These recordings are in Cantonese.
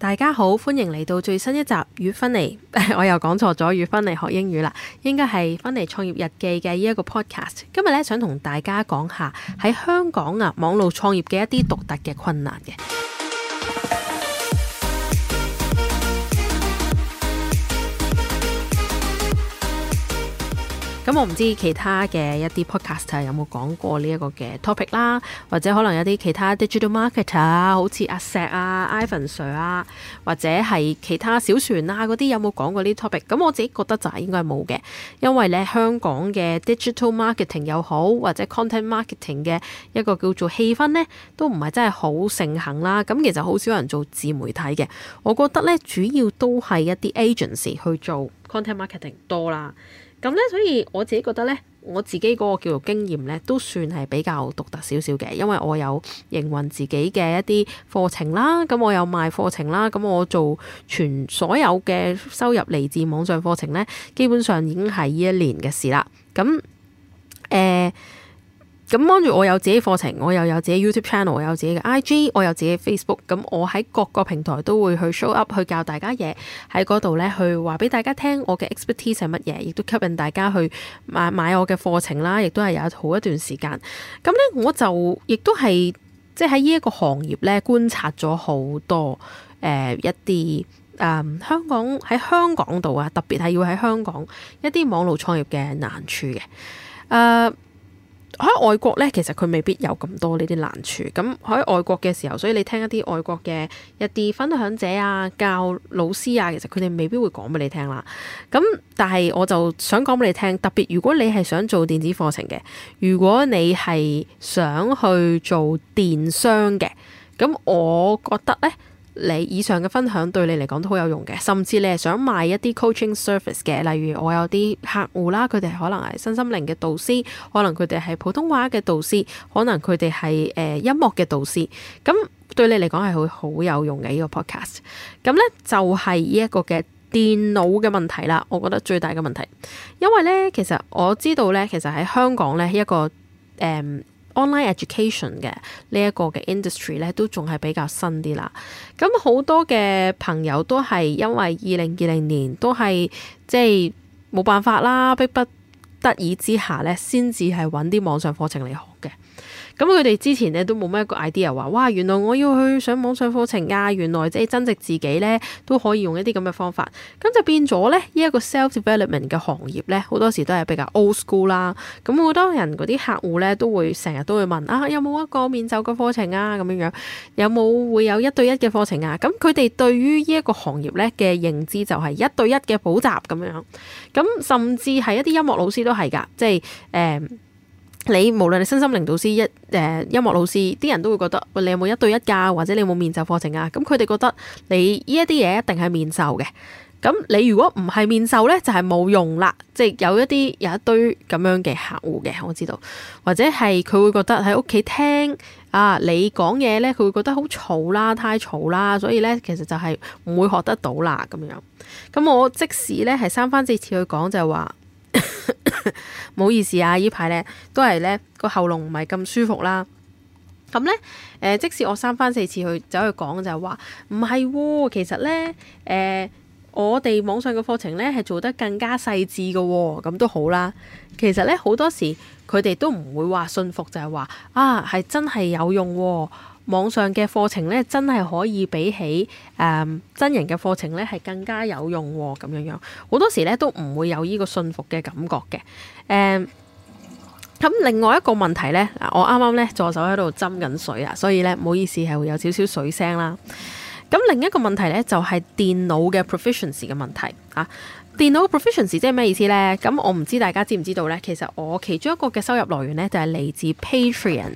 大家好，歡迎嚟到最新一集《與芬妮》， 我又講錯咗，與芬妮學英語啦，應該係芬妮創業日記嘅呢一個 podcast。今日咧想同大家講下喺香港啊網絡創業嘅一啲獨特嘅困難嘅。咁、嗯、我唔知其他嘅一啲 podcast 有冇講過呢一個嘅 topic 啦，或者可能有啲其他 digital marketer 啊，好似阿石啊、Ivan Sir 啊，或者係其他小船啊嗰啲有冇講過呢 topic？咁我自己覺得就係應該冇嘅，因為咧香港嘅 digital marketing 又好，或者 content marketing 嘅一個叫做氣氛咧，都唔係真係好盛行啦。咁其實好少人做自媒體嘅，我覺得咧主要都係一啲 agency 去做 content marketing 多啦。咁咧，所以我自己覺得咧，我自己嗰個教育經驗咧，都算係比較獨特少少嘅，因為我有營運自己嘅一啲課程啦，咁我有賣課程啦，咁我做全所有嘅收入嚟自網上課程咧，基本上已經係呢一年嘅事啦，咁誒。誒咁跟住，我有自己課程，我又有自己 YouTube channel，我有自己嘅 IG，我有自己 Facebook。咁我喺各個平台都會去 show up，去教大家嘢，喺嗰度咧去話俾大家聽我嘅 expertise 係乜嘢，亦都吸引大家去買買我嘅課程啦。亦都係有一好一段時間。咁咧，我就亦都係即係喺呢一個行業咧觀察咗好多誒、呃、一啲誒、呃、香港喺香港度啊，特別係要喺香港一啲網路創業嘅難處嘅誒。呃喺外國咧，其實佢未必有咁多呢啲難處。咁喺外國嘅時候，所以你聽一啲外國嘅一啲分享者啊、教老師啊，其實佢哋未必會講俾你聽啦。咁但係我就想講俾你聽，特別如果你係想做電子課程嘅，如果你係想去做電商嘅，咁我覺得咧。你以上嘅分享對你嚟講都好有用嘅，甚至你係想賣一啲 coaching service 嘅，例如我有啲客戶啦，佢哋可能係身心靈嘅導師，可能佢哋係普通話嘅導師，可能佢哋係誒音樂嘅導師，咁對你嚟講係會好有用嘅呢個 podcast。咁呢，就係呢一個嘅電腦嘅問題啦，我覺得最大嘅問題，因為呢，其實我知道呢，其實喺香港呢，一個誒。嗯 online education 嘅、這個、呢一個嘅 industry 咧都仲係比較新啲啦。咁好多嘅朋友都係因為二零二零年都係即係冇辦法啦，迫不得已之下咧，先至係揾啲網上課程嚟學。咁佢哋之前咧都冇咩個 idea 話，哇！原來我要去上網上課程啊，原來即係增值自己咧都可以用一啲咁嘅方法。咁就變咗咧，呢一個 self development 嘅行業咧，好多時都係比較 old school 啦、啊。咁好多人嗰啲客戶咧都會成日都會問啊，有冇一個面授嘅課程啊？咁樣樣有冇會有一對一嘅課程啊？咁佢哋對於呢一個行業咧嘅認知就係一對一嘅補習咁樣。咁甚至係一啲音樂老師都係噶，即係誒。嗯你無論你身心靈導師一誒、呃、音樂老師，啲人都會覺得，喂，你有冇一對一教或者你有冇面授課程啊？咁佢哋覺得你呢一啲嘢一定係面授嘅。咁你如果唔係面授咧，就係、是、冇用啦。即、就、係、是、有一啲有一堆咁樣嘅客戶嘅，我知道。或者係佢會覺得喺屋企聽啊，你講嘢咧，佢會覺得好嘈啦，太嘈啦，所以咧其實就係唔會學得到啦咁樣。咁我即使咧係三番四次去講就係、是、話。 唔 好意思啊，依排咧都係咧個喉嚨唔係咁舒服啦。咁咧，誒、呃，即使我三番四次去走去講就係、是、話，唔係、哦，其實咧，誒、呃，我哋網上嘅課程咧係做得更加細緻嘅，咁都好啦。其實咧好多時佢哋都唔會話信服，就係、是、話啊，係真係有用、哦。網上嘅課程咧，真係可以比起誒、呃、真人嘅課程咧，係更加有用喎，咁樣樣好多時咧都唔會有呢個信服嘅感覺嘅。誒、嗯，咁另外一個問題咧，嗱我啱啱咧助手喺度斟緊水啊，所以咧唔好意思係會有少少水聲啦。咁另一個問題咧就係、是、電腦嘅 proficiency 嘅問題啊。電腦嘅 proficiency 即係咩意思咧？咁我唔知大家知唔知道咧。其實我其中一個嘅收入來源咧就係、是、嚟自 Patreon。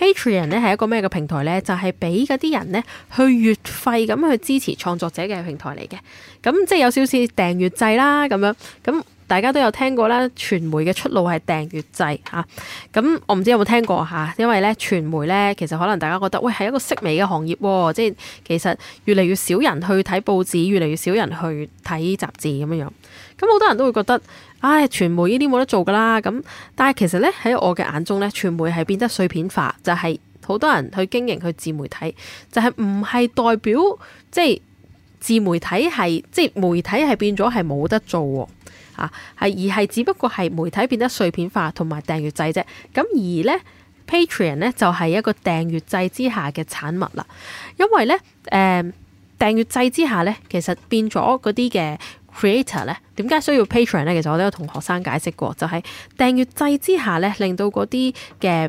Patreon 咧係一個咩嘅平台咧？就係俾嗰啲人咧去月費咁去支持創作者嘅平台嚟嘅。咁即係有少少訂閱制啦，咁樣咁。大家都有聽過啦，傳媒嘅出路係訂閱制嚇。咁、啊嗯、我唔知有冇聽過嚇、啊，因為咧傳媒咧其實可能大家覺得喂係一個式微嘅行業，哦、即係其實越嚟越少人去睇報紙，越嚟越少人去睇雜誌咁樣樣。咁、嗯、好多人都會覺得，唉、哎，傳媒呢啲冇得做㗎啦。咁、嗯、但係其實咧喺我嘅眼中咧，傳媒係變得碎片化，就係、是、好多人去經營去自媒體，就係唔係代表即係自媒體係即係媒體係變咗係冇得做。係、啊、而係只不過係媒體變得碎片化同埋訂閱制啫，咁而咧 Patreon 咧就係、是、一個訂閱制之下嘅產物啦。因為咧誒、呃、訂閱制之下咧，其實變咗嗰啲嘅 Creator 咧，點解需要 Patreon 咧？其實我都有同學生解釋過，就係、是、訂閱制之下咧，令到嗰啲嘅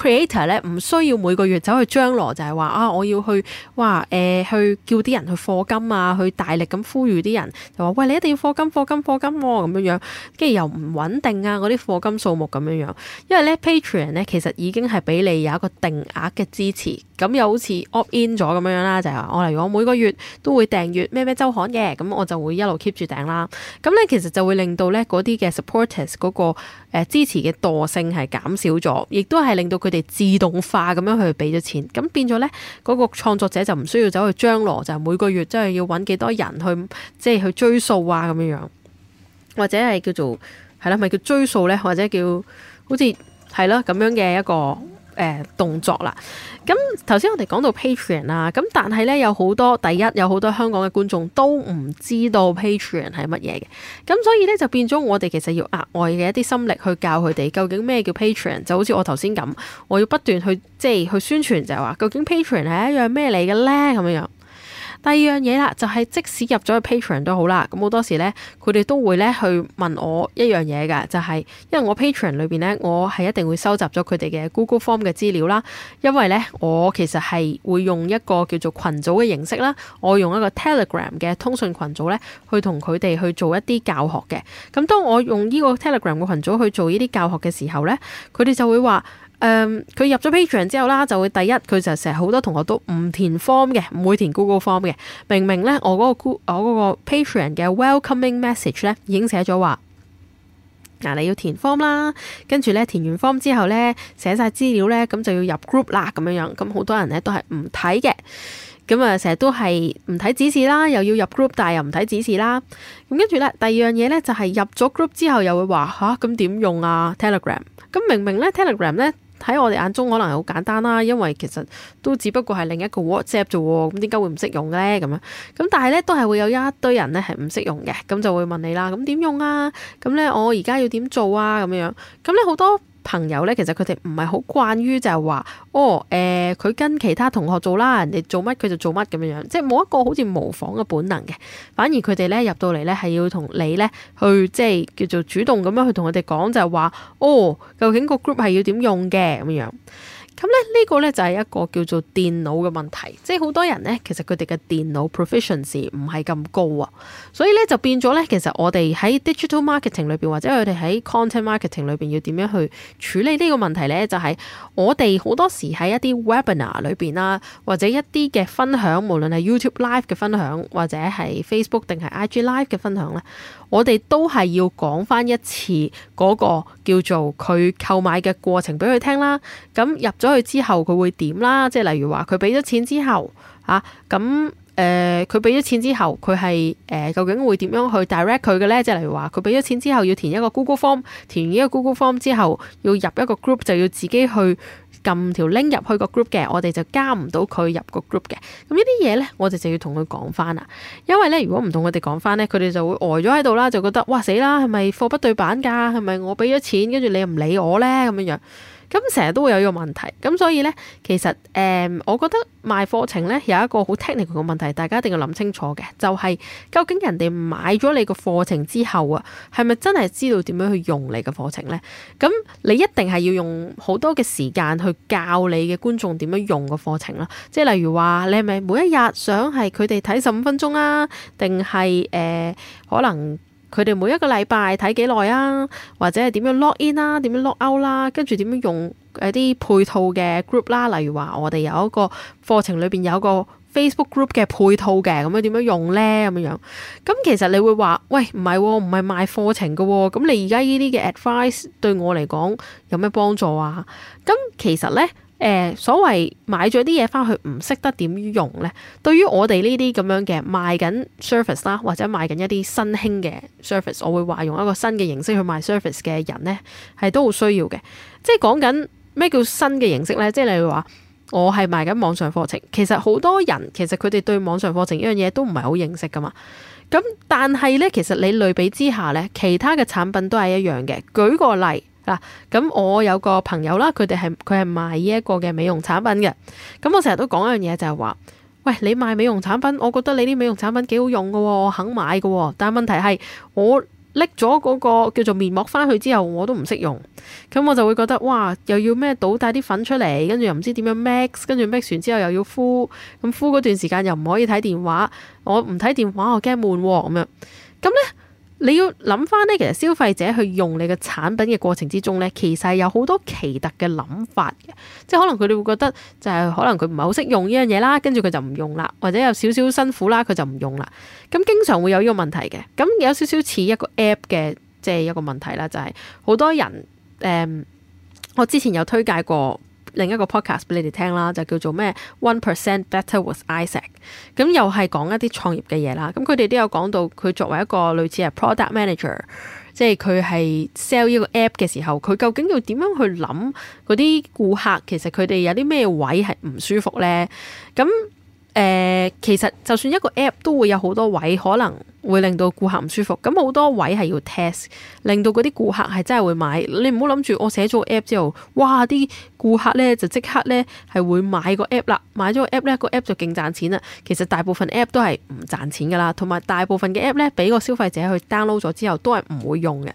Creator 咧唔需要每個月走去張羅，就係、是、話啊，我要去哇誒、呃，去叫啲人去課金啊，去大力咁呼籲啲人就話喂，你一定要課金、課金、課金咁、哦、樣樣，跟住又唔穩定啊！嗰啲課金數目咁樣樣，因為咧 Patreon 咧其實已經係俾你有一個定額嘅支持，咁又好似 opt in 咗咁樣樣啦，就係話我例如我每個月都會訂閱咩咩周刊嘅，咁我就會一路 keep 住訂啦。咁咧其實就會令到咧嗰啲嘅 supporters 嗰、那個、呃、支持嘅惰性係減少咗，亦都係令到佢哋自動化咁樣去俾咗錢，咁變咗咧，嗰個創作者就唔需要走去張羅，就每個月真係要揾幾多人去，即係去追數啊咁樣樣，或者係叫做係啦，咪叫追數咧，或者叫好似係咯咁樣嘅一個。誒、呃、動作啦，咁頭先我哋講到 Patreon 啦，咁但係咧有好多第一有好多香港嘅觀眾都唔知道 Patreon 係乜嘢嘅，咁所以咧就變咗我哋其實要額外嘅一啲心力去教佢哋究竟咩叫 Patreon，就好似我頭先咁，我要不斷去即係去宣傳就係話究竟 Patreon 係一樣咩嚟嘅咧咁樣。第二樣嘢啦，就係即使入咗去 Patreon 都好啦，咁好多時咧，佢哋都會咧去問我一樣嘢㗎，就係因為我 Patreon 裏邊咧，我係一定會收集咗佢哋嘅 Google Form 嘅資料啦。因為咧，我其實係會用一個叫做群組嘅形式啦，我用一個 Telegram 嘅通訊群組咧，去同佢哋去做一啲教學嘅。咁當我用呢個 Telegram 嘅群組去做呢啲教學嘅時候咧，佢哋就會話。誒佢，嗯、入咗 Patreon 之後啦，就會第一佢就成日好多同學都唔填 form 嘅，唔會填 Google form 嘅。明明咧我嗰個 Goo, 我嗰個 Patreon 嘅 welcoming message 咧已經寫咗話，嗱，啊，你要填 form 啦，跟住咧填完 form 之後咧寫晒資料咧，咁就要入 group 啦咁樣樣。咁好多人咧都係唔睇嘅，咁啊成日都係唔睇指示啦，又要入 group，但係又唔睇指示啦。咁跟住咧第二樣嘢咧就係，是，入咗 group 之後又會話吓，咁，啊，點用啊 Telegram？咁明明咧 Telegram 咧。Tele 喺我哋眼中可能好簡單啦，因為其實都只不過係另一個 WhatsApp 啫喎，咁點解會唔識用咧？咁樣咁但係咧都係會有一堆人咧係唔識用嘅，咁就會問你啦，咁、嗯、點用啊？咁咧我而家要點做啊？咁樣咁咧好多。朋友咧，其實佢哋唔係好慣於就係話，哦，誒、呃，佢跟其他同學做啦，人哋做乜佢就做乜咁樣樣，即係冇一個好似模仿嘅本能嘅，反而佢哋咧入到嚟咧係要同你咧去即係叫做主動咁樣去同佢哋講，就係話，哦，究竟個 group 係要點用嘅咁樣。咁咧，呢個咧就係一個叫做電腦嘅問題，即係好多人咧，其實佢哋嘅電腦 proficiency 唔係咁高啊，所以咧就變咗咧，其實我哋喺 digital marketing 裏邊或者佢哋喺 content marketing 裏邊要點樣去處理呢個問題咧？就係我哋好多時喺一啲 webinar 裏邊啦，或者一啲嘅分享，無論係 YouTube live 嘅分享，或者係 Facebook 定係 IG live 嘅分享咧，我哋都係要講翻一次嗰個叫做佢購買嘅過程俾佢聽啦。咁入咗。去之後佢會點啦，即係例如話佢俾咗錢之後啊，咁誒，佢俾咗錢之後佢係誒，究竟會點樣去 direct 佢嘅咧？即係例如話佢俾咗錢之後要填一個 Google Form，填完呢個 Google Form 之後要入一個 group，就要自己去撳條 link 入去個 group 嘅，我哋就加唔到佢入個 group 嘅。咁呢啲嘢咧，我哋就要同佢講翻啦。因為咧，如果唔同佢哋講翻咧，佢哋就會呆咗喺度啦，就覺得哇，死啦，係咪貨不對版噶？係咪我俾咗錢，跟住你又唔理我咧咁樣樣？咁成日都會有呢個問題，咁所以呢，其實誒、嗯，我覺得賣課程呢有一個好 technical 嘅問題，大家一定要諗清楚嘅，就係、是、究竟人哋買咗你個課程之後啊，係咪真係知道點樣去用你嘅課程呢？咁你一定係要用好多嘅時間去教你嘅觀眾點樣用個課程啦，即係例如話，你係咪每一日想係佢哋睇十五分鐘啊，定係誒可能？佢哋每一個禮拜睇幾耐啊，或者係點樣 log in 啦、啊，點樣 log out 啦、啊，跟住點樣用誒啲配套嘅 group 啦、啊，例如話我哋有一個課程裏邊有一個 Facebook group 嘅配套嘅，咁樣點樣用呢？咁樣樣？咁其實你會話，喂，唔係喎，唔係、喔、賣課程嘅喎、喔，咁你而家呢啲嘅 advice 對我嚟講有咩幫助啊？咁其實呢。誒，所謂買咗啲嘢翻去唔識得點用咧，對於我哋呢啲咁樣嘅賣緊 service 啦，或者賣緊一啲新興嘅 service，我會話用一個新嘅形式去賣 service 嘅人咧，係都好需要嘅。即係講緊咩叫新嘅形式咧？即係例如話，我係賣緊網上課程，其實好多人其實佢哋對網上課程呢樣嘢都唔係好認識噶嘛。咁但係咧，其實你類比之下咧，其他嘅產品都係一樣嘅。舉個例。嗱，咁我有個朋友啦，佢哋係佢係賣呢一個嘅美容產品嘅。咁我成日都講一樣嘢就係話，喂，你賣美容產品，我覺得你啲美容產品幾好用嘅，我肯買嘅。但問題係，我拎咗嗰個叫做面膜翻去之後，我都唔識用。咁我就會覺得，哇，又要咩倒帶啲粉出嚟，跟住又唔知點樣 mix，跟住 mix 完之後又要敷，咁敷嗰段時間又唔可以睇電話。我唔睇電話，我驚悶喎咁樣。咁咧。你要諗翻咧，其實消費者去用你個產品嘅過程之中咧，其實有好多奇特嘅諗法嘅，即係可能佢哋會覺得就係、是、可能佢唔係好識用呢樣嘢啦，跟住佢就唔用啦，或者有少少辛苦啦，佢就唔用啦。咁經常會有呢個問題嘅。咁有少少似一個 app 嘅，即係一個問題啦，就係、是、好多人誒、嗯，我之前有推介過。另一個 podcast 俾你哋聽啦，就叫做咩 One Percent Better With Isaac，咁又係講一啲創業嘅嘢啦。咁佢哋都有講到佢作為一個類似係 product manager，即係佢係 sell 呢個 app 嘅時候，佢究竟要點樣去諗嗰啲顧客？其實佢哋有啲咩位係唔舒服咧？咁誒、呃，其實就算一個 app 都會有好多位，可能會令到顧客唔舒服。咁好多位係要 test，令到嗰啲顧客係真係會買。你唔好諗住我寫咗個 app 之後，哇！啲顧客咧就即刻咧係會買個 app 啦，買咗個 app 咧個 app 就勁賺錢啦。其實大部分 app 都係唔賺錢噶啦，同埋大部分嘅 app 咧俾個消費者去 download 咗之後都係唔會用嘅。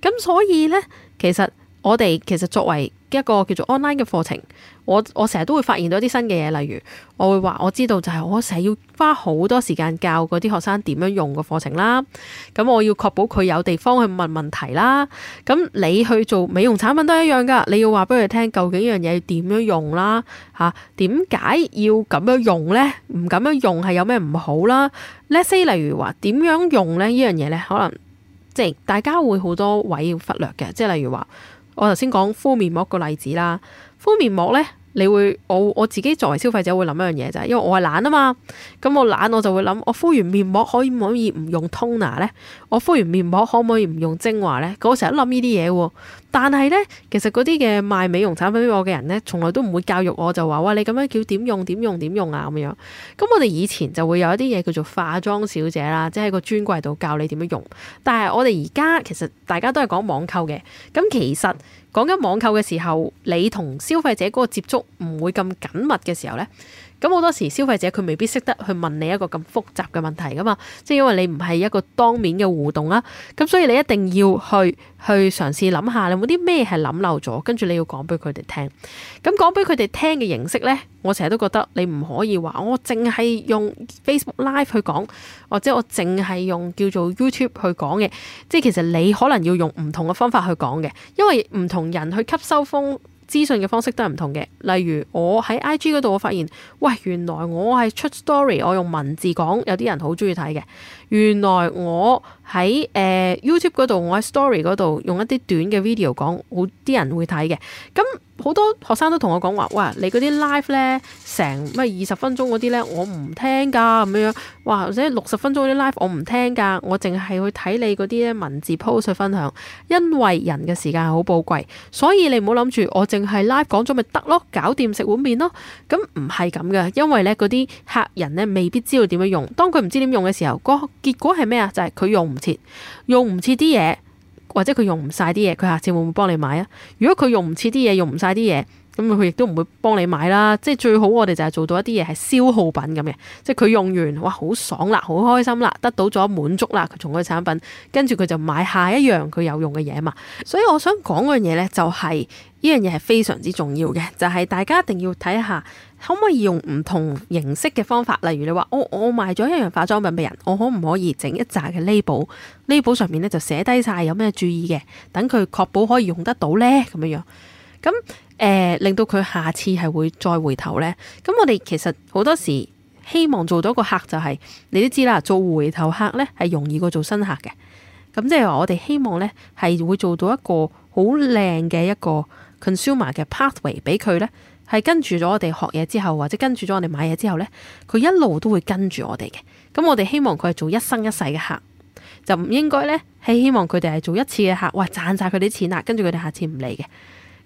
咁所以咧，其實我哋其實作為一個叫做 online 嘅課程，我我成日都會發現到啲新嘅嘢，例如我會話我知道就係我成日要花好多時間教嗰啲學生點樣用個課程啦，咁我要確保佢有地方去問問題啦，咁你去做美容產品都係一樣噶，你要話俾佢聽究竟呢樣嘢點樣用啦，吓點解要咁樣用咧？唔咁樣用係有咩唔好啦？Let's say，例如話點樣用咧呢樣嘢咧，可能即係大家會好多位要忽略嘅，即係例如話。我頭先講敷面膜個例子啦，敷面膜呢，你會我我自己作為消費者會諗一樣嘢就係，因為我係懶啊嘛，咁我懶我就會諗，我敷完面膜可以唔可以唔用 toner 呢？我敷完面膜可唔可以唔用精華呢？我成日諗呢啲嘢喎。但係咧，其實嗰啲嘅賣美容產品俾我嘅人咧，從來都唔會教育我就話：哇，你咁樣叫點用點用點用啊咁樣。咁我哋以前就會有一啲嘢叫做化妝小姐啦，即係喺個專櫃度教你點樣用。但係我哋而家其實大家都係講網購嘅，咁其實講緊網購嘅時候，你同消費者嗰個接觸唔會咁緊密嘅時候咧。咁好多時消費者佢未必識得去問你一個咁複雜嘅問題㗎嘛，即係因為你唔係一個當面嘅互動啦，咁所以你一定要去去嘗試諗下，你有冇啲咩係諗漏咗，跟住你要講俾佢哋聽。咁講俾佢哋聽嘅形式呢，我成日都覺得你唔可以話我淨係用 Facebook Live 去講，或者我淨係用叫做 YouTube 去講嘅，即係其實你可能要用唔同嘅方法去講嘅，因為唔同人去吸收風。資訊嘅方式都係唔同嘅，例如我喺 IG 嗰度，我發現，喂，原來我係出 story，我用文字講，有啲人好鍾意睇嘅。原來我喺誒、呃、YouTube 嗰度，我喺 story 嗰度用一啲短嘅 video 講，好啲人會睇嘅。咁好多學生都同我講話：哇！你嗰啲 live 咧，成咩二十分鐘嗰啲咧，我唔聽㗎咁樣。哇！或者六十分鐘嗰啲 live 我唔聽㗎，我淨係去睇你嗰啲文字 post 分享。因為人嘅時間係好寶貴，所以你唔好諗住我淨係 live 講咗咪得咯，搞掂食碗麵咯。咁唔係咁嘅，因為咧嗰啲客人咧未必知道點樣用。當佢唔知點用嘅時候，結果係咩啊？就係佢用唔切，用唔切啲嘢，或者佢用唔晒啲嘢，佢下次會唔會幫你買啊？如果佢用唔切啲嘢，用唔晒啲嘢，咁佢亦都唔會幫你買啦。即係最好，我哋就係做到一啲嘢係消耗品咁嘅，即係佢用完，哇，好爽啦，好開心啦，得到咗滿足啦，佢用佢產品，跟住佢就買下一樣佢有用嘅嘢嘛。所以我想講嗰樣嘢咧，就係。呢樣嘢係非常之重要嘅，就係、是、大家一定要睇下，可唔可以用唔同形式嘅方法，例如你話我我賣咗一樣化妝品俾人，我可唔可以整一紮嘅 label label 上面咧就寫低晒有咩注意嘅，等佢確保可以用得到呢。咁樣樣，咁、呃、令到佢下次係會再回頭呢。咁我哋其實好多時希望做到個客就係、是、你都知啦，做回頭客呢係容易過做新客嘅，咁即係話我哋希望呢係會做到一個好靚嘅一個。Consumer 嘅 pathway 俾佢呢，係跟住咗我哋學嘢之後，或者跟住咗我哋買嘢之後呢，佢一路都會跟住我哋嘅。咁我哋希望佢係做一生一世嘅客，就唔應該呢，係希望佢哋係做一次嘅客，哇賺晒佢啲錢啦，跟住佢哋下次唔嚟嘅。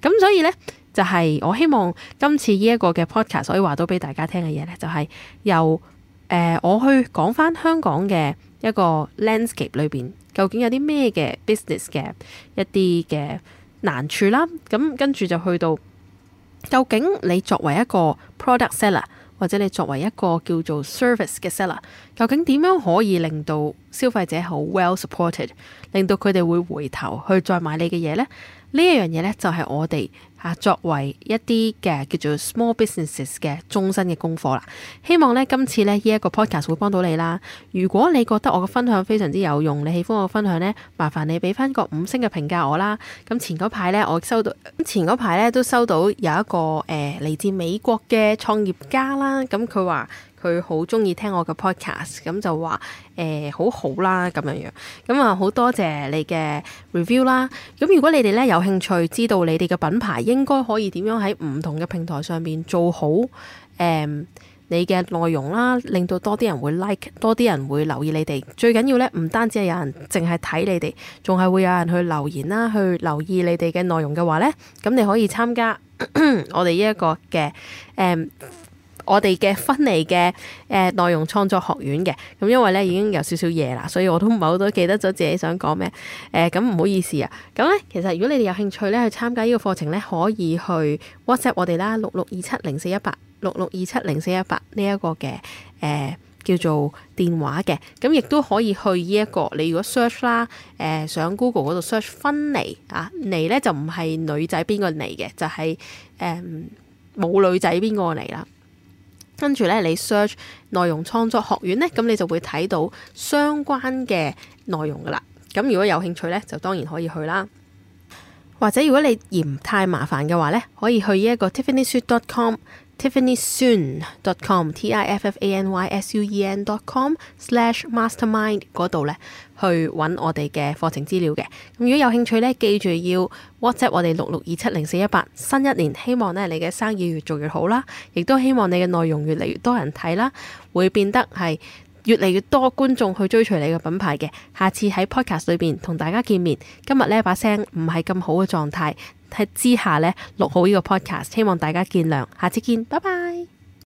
咁所以呢，就係、是、我希望今次呢一個嘅 podcast，所以話到俾大家聽嘅嘢呢，就係、是、由、呃、我去講返香港嘅一個 landscape 裏邊，究竟有啲咩嘅 business 嘅一啲嘅。難處啦，咁跟住就去到究竟你作為一個 product seller，或者你作為一個叫做 service 嘅 seller，究竟點樣可以令到消費者好 well supported，令到佢哋會回頭去再買你嘅嘢呢？呢一樣嘢呢，就係我哋。啊，作為一啲嘅叫做 small businesses 嘅終身嘅功課啦，希望咧今次咧呢一個 podcast 會幫到你啦。如果你覺得我嘅分享非常之有用，你喜歡我嘅分享咧，麻煩你俾翻個五星嘅評價我啦。咁前嗰排咧，我收到咁前嗰排咧都收到有一個誒、呃、嚟自美國嘅創業家啦。咁佢話。佢好中意聽我嘅 podcast，咁就話誒好好啦咁樣樣，咁啊好多謝你嘅 review 啦。咁如果你哋咧有興趣知道你哋嘅品牌應該可以點樣喺唔同嘅平台上邊做好誒、嗯、你嘅內容啦，令到多啲人會 like，多啲人會留意你哋。最緊要咧唔單止係有人淨係睇你哋，仲係會有人去留言啦，去留意你哋嘅內容嘅話咧，咁你可以參加咳咳我哋呢一個嘅誒。嗯我哋嘅分離嘅誒、呃、內容創作學院嘅咁，因為咧已經有少少嘢啦，所以我都唔係好多記得咗自己想講咩誒。咁、呃、唔、嗯、好意思啊。咁咧，其實如果你哋有興趣咧去參加呢個課程咧，可以去 WhatsApp 我哋啦，六六二七零四一八六六二七零四一八呢一個嘅誒、呃、叫做電話嘅。咁亦都可以去呢、這、一個你如果 search 啦誒、呃、上 Google 度 search 分離啊，離咧就唔係女仔邊個離嘅，就係誒冇女仔邊個離啦。就是呃跟住咧，你 search 內容創作學院咧，咁你就會睇到相關嘅內容噶啦。咁如果有興趣咧，就當然可以去啦。或者如果你嫌太麻煩嘅話咧，可以去呢一個 tiffanyshu.com。TiffanySuen.com, T-I-F-F-A-N-Y-S-U-E-N.com/slash/mastermind n y 嗰度咧，去揾我哋嘅課程資料嘅。咁如果有興趣咧，記住要 WhatsApp 我哋六六二七零四一八。新一年希望咧，你嘅生意越做越好啦，亦都希望你嘅內容越嚟越多人睇啦，會變得係越嚟越多觀眾去追隨你嘅品牌嘅。下次喺 Podcast 裏邊同大家見面。今日呢把聲唔係咁好嘅狀態。喺之下呢，錄好呢個 podcast，希望大家見諒，下次見，拜拜。